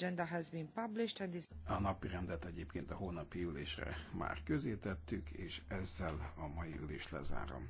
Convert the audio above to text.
agenda has been published and is... A napi rendet egyébként a hónapi ülésre már közé tettük, és ezzel a mai ülés lezárom.